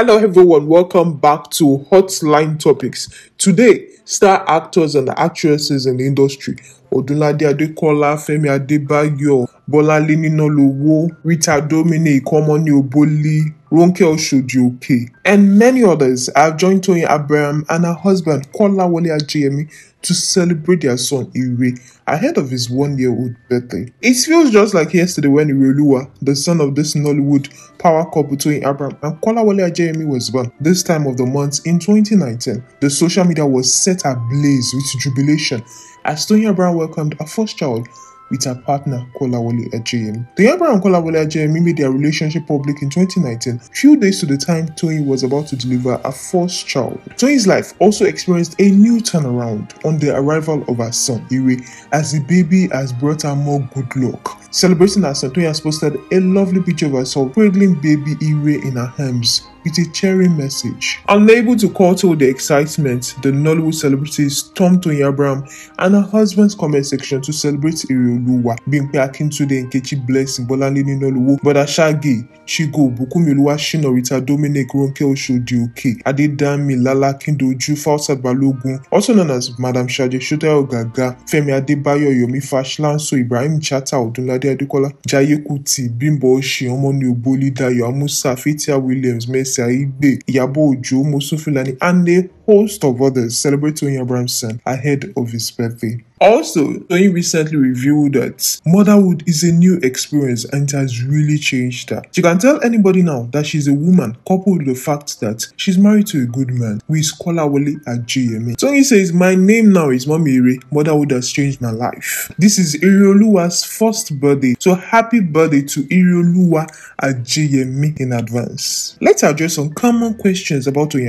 Hello, everyone. Welcome back to Hotline Topics. Today, star actors and actresses in the industry Odunade Adekola, Femi Adebayo, Bolanle Ninalowo, Rita on Omoni Oboli, Ronke Oshodi and many others have joined Tony Abraham and her husband Kola Wale Ajayemi to celebrate their son Ire ahead of his one-year-old birthday. It feels just like yesterday when Irelua, the son of this Nollywood power couple Tony Abraham and Kola Wale Ajayemi was born this time of the month in 2019. The social media was set ablaze with jubilation as Tony Abraham welcomed her first child with her partner Kolawole The Toyin and Kolawole Ajayemi made their relationship public in 2019, few days to the time Tony was about to deliver her first child. Tony's life also experienced a new turnaround on the arrival of her son Ire, as the baby has brought her more good luck. Celebrating her son, Tony has posted a lovely picture of herself cradling baby Ire in her arms it's a cheering message. Unable to curtail the excitement, the Nollywood celebrities stormed Tony Abraham and her husband's comment section to celebrate Irioluwa, Bimpe the Nkechi Blessing, Bolanlini but Bodashagi, Chigo, Bukumi Oluwashina, Rita Dominic, Ronke Oshodi Oke, Adedami, Lala Kindoju, Falsat Balogun, also known as Madam Shaje Shota Ogaga, Femi Adebayo, Yomi Fashlanso, Ibrahim Chata, Odunlade Adekola, Jaye Bimbo Oshi, Omoni Oboli, Dayo Amusa, Fatia Williams, Mercy Said, Iyabo Ojo, Mosún Fúlàní, and they host of others celebrate Tony son ahead of his birthday. Also, Tony recently revealed that motherhood is a new experience and it has really changed her. She can tell anybody now that she's a woman, coupled with the fact that she's married to a good man who is Kolawole Ajayemi. Tony says, My name now is Mamiri. Motherhood has changed my life. This is Irioluwa's first birthday, so happy birthday to Irioluwa Ajayemi in advance. Let's address some common questions about Tony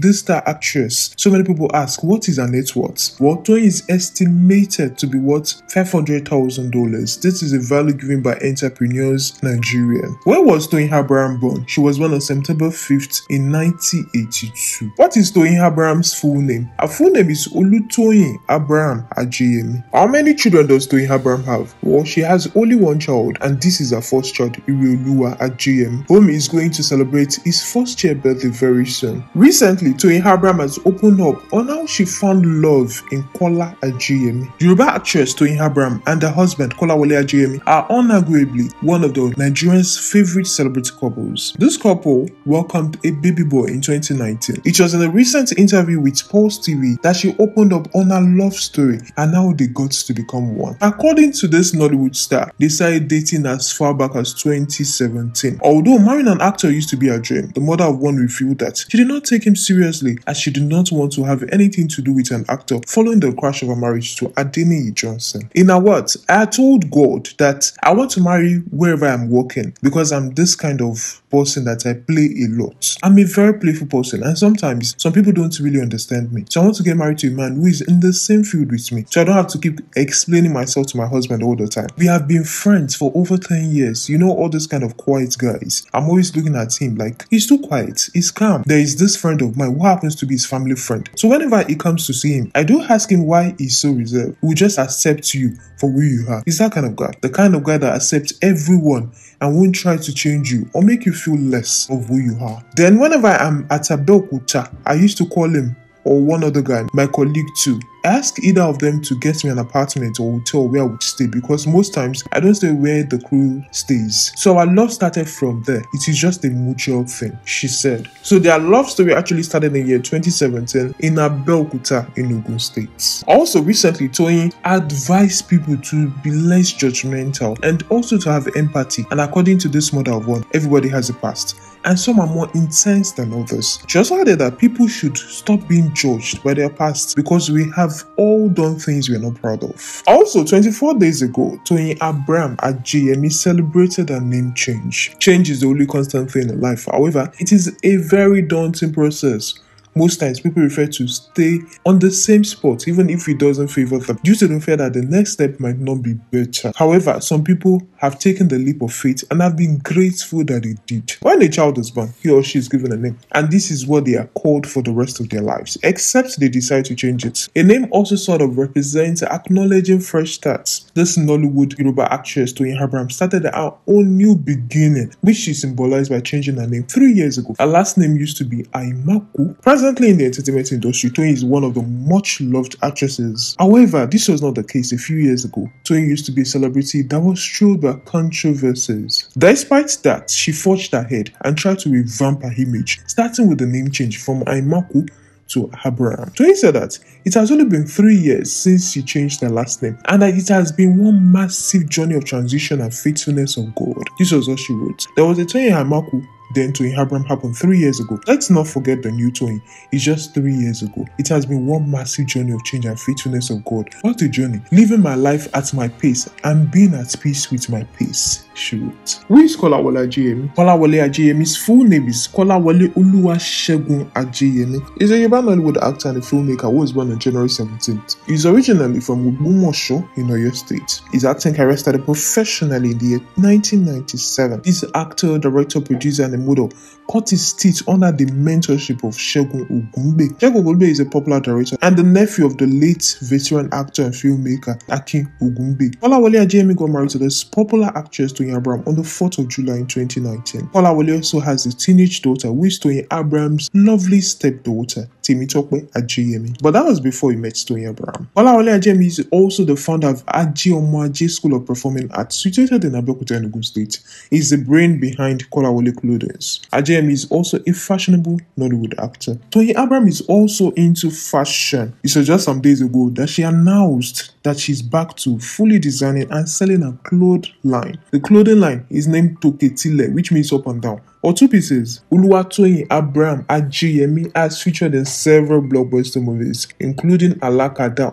this star actress so many people ask, what is a net worth? Well, Toyin is estimated to be worth $500,000. This is a value given by Entrepreneurs Nigeria. Where was Toin Abraham born? She was born on September 5th in 1982. What is Toin Abraham's full name? Her full name is Olutoyin Abraham Ajayemi. How many children does Toin Abraham have? Well, she has only one child, and this is her first child, Iriolua Ajayemi, whom is going to celebrate his first year birthday very soon. Recently, Toin Abraham has has opened up on how she found love in Kola Ajayemi. The Yoruba actress Toyin Abraham and her husband Kola Wale Ajayemi are unarguably one of the Nigerians' favorite celebrity couples. This couple welcomed a baby boy in 2019. It was in a recent interview with Pulse TV that she opened up on her love story and how they got to become one. According to this Nollywood star, they started dating as far back as 2017. Although marrying an actor used to be her dream, the mother of one revealed that she did not take him seriously as she did do not want to have anything to do with an actor following the crash of a marriage to Adeniyi Johnson. In a words, I told God that I want to marry wherever I'm working because I'm this kind of person that I play a lot. I'm a very playful person and sometimes some people don't really understand me. So I want to get married to a man who is in the same field with me so I don't have to keep explaining myself to my husband all the time. We have been friends for over 10 years. You know all those kind of quiet guys. I'm always looking at him like he's too quiet. He's calm. There is this friend of mine who happens to be his family friend. So whenever he comes to see him, I do ask him why he's so reserved. He will just accept you for who you are. He's that kind of guy. The kind of guy that accepts everyone and won't try to change you or make you feel less of who you are. Then whenever I'm at Abeokuta, I used to call him or one other guy, my colleague too ask either of them to get me an apartment or hotel where I would stay because most times I don't stay where the crew stays. So our love started from there. It is just a mutual thing, she said. So their love story actually started in year 2017 in Abeokuta in Ogun State. Also recently, Toyin advised people to be less judgmental and also to have empathy. And according to this mother of one, everybody has a past and some are more intense than others. She also added that people should stop being judged by their past because we have all done things we're not proud of. Also, 24 days ago, Tony Abram at GME celebrated a name change. Change is the only constant thing in life. However, it is a very daunting process. Most times, people prefer to stay on the same spot, even if it doesn't favor them, due to the fear that the next step might not be better. However, some people have taken the leap of faith and have been grateful that they did. When a child is born, he or she is given a name, and this is what they are called for the rest of their lives, except they decide to change it. A name also sort of represents acknowledging fresh starts. This Nollywood Yoruba actress Toyin Abraham started her own new beginning, which she symbolized by changing her name three years ago. Her last name used to be Aimaku. Presently in the entertainment industry, Toyin is one of the much loved actresses. However, this was not the case a few years ago. Toyin used to be a celebrity that was true by over controversies. Despite that, she forged ahead and tried to revamp her image, starting with the name change from Aimaku to Abraham. To answer that it has only been three years since she changed her last name and that it has been one massive journey of transition and faithfulness of God. This was what she wrote. There was a time in Hamaku then to Abraham happened three years ago. Let's not forget the new Toyin. It's just three years ago. It has been one massive journey of change and faithfulness of God. What a journey! Living my life at my pace and being at peace with my pace. Shoot. Who is Kolawole Ajayemi? Kolawole Ajayemi's full name is Kolawole Oluwasegun Ajayemi. He's a Yoruba Nollywood actor and a filmmaker who was born on January 17th. He's originally from Ogbomoso in Oyo State. His acting career started professionally in the year 1997. He's an actor, director, producer, and a model. Cut his teeth under the mentorship of Shegun Ogunbe. Shegun Ogunbe is a popular director and the nephew of the late veteran actor and filmmaker Akin Ogunbe. Kolawole Ajayemi got married to this popular actress to Abraham on the 4th of July in 2019. Kolawole also has a teenage daughter, who is Tony Abram's lovely stepdaughter at GME. But that was before he met Tony Abraham. Olawale Ajayemi is also the founder of Aji Aji School of Performing Arts, situated in Abeokuta, Enugu State. He is the brain behind Kolawole Clothes. Ajayemi is also a fashionable Nollywood actor. Tony Abraham is also into fashion. It was just some days ago that she announced that she's back to fully designing and selling a clothing line. The clothing line is named Toketile, which means up and down or two pieces. Uluwatoyin Abraham Ajayemi has featured in several blockbuster movies, including Alakada,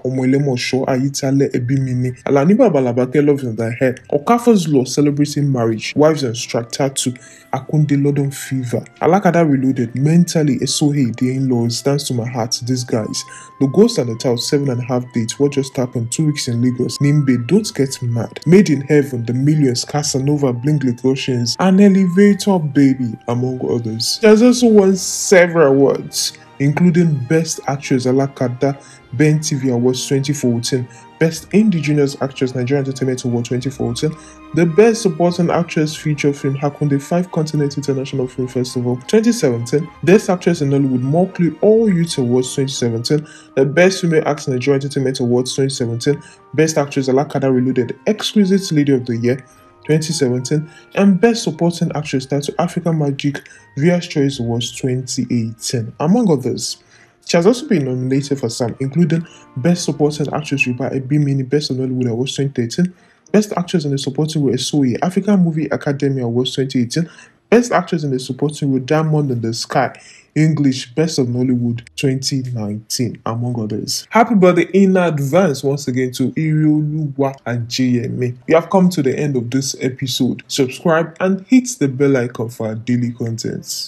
Show, Ayitale, Ebimini, Alani Balabake Love in the Head, Okafor's Law, Celebrating Marriage, Wives and to, Akunde London Fever, Alakada Reloaded, Mentally, Esohe, The In-Laws, Dance to My Heart, These Guys, The Ghost and the Tao, Seven and a Half Dates, What Just Happened, Two Weeks in Lagos, Nimbe, Don't Get Mad, Made in Heaven, The Millions, Casanova, Bling Lagosians, and Elevator Babe, Baby, among others. She has also won several awards, including Best Actress Alakada Ben TV Awards 2014, Best Indigenous Actress Nigeria Entertainment Award 2014, the Best Supporting Actress Feature Film Hakunde Five Continent International Film Festival 2017, Best Actress in Hollywood Mockley All Youth Awards 2017, the Best Female Actress Nigeria Entertainment Awards 2017, Best Actress Alakada Reloaded Exquisite Lady of the Year, 2017, and Best Supporting Actress title to African Magic Rhea's Choice Awards 2018, among others. She has also been nominated for some, including Best Supporting Actress a B Mini Best of Nollywood Awards 2013, Best Actress in a Supporting Role Soye. African Movie Academy Awards 2018, Best Actress in a Supporting Role Diamond in the Sky, English Best of Nollywood 2019, among others. Happy birthday in advance once again to Irioluwa and JMA. We have come to the end of this episode. Subscribe and hit the bell icon for our daily contents.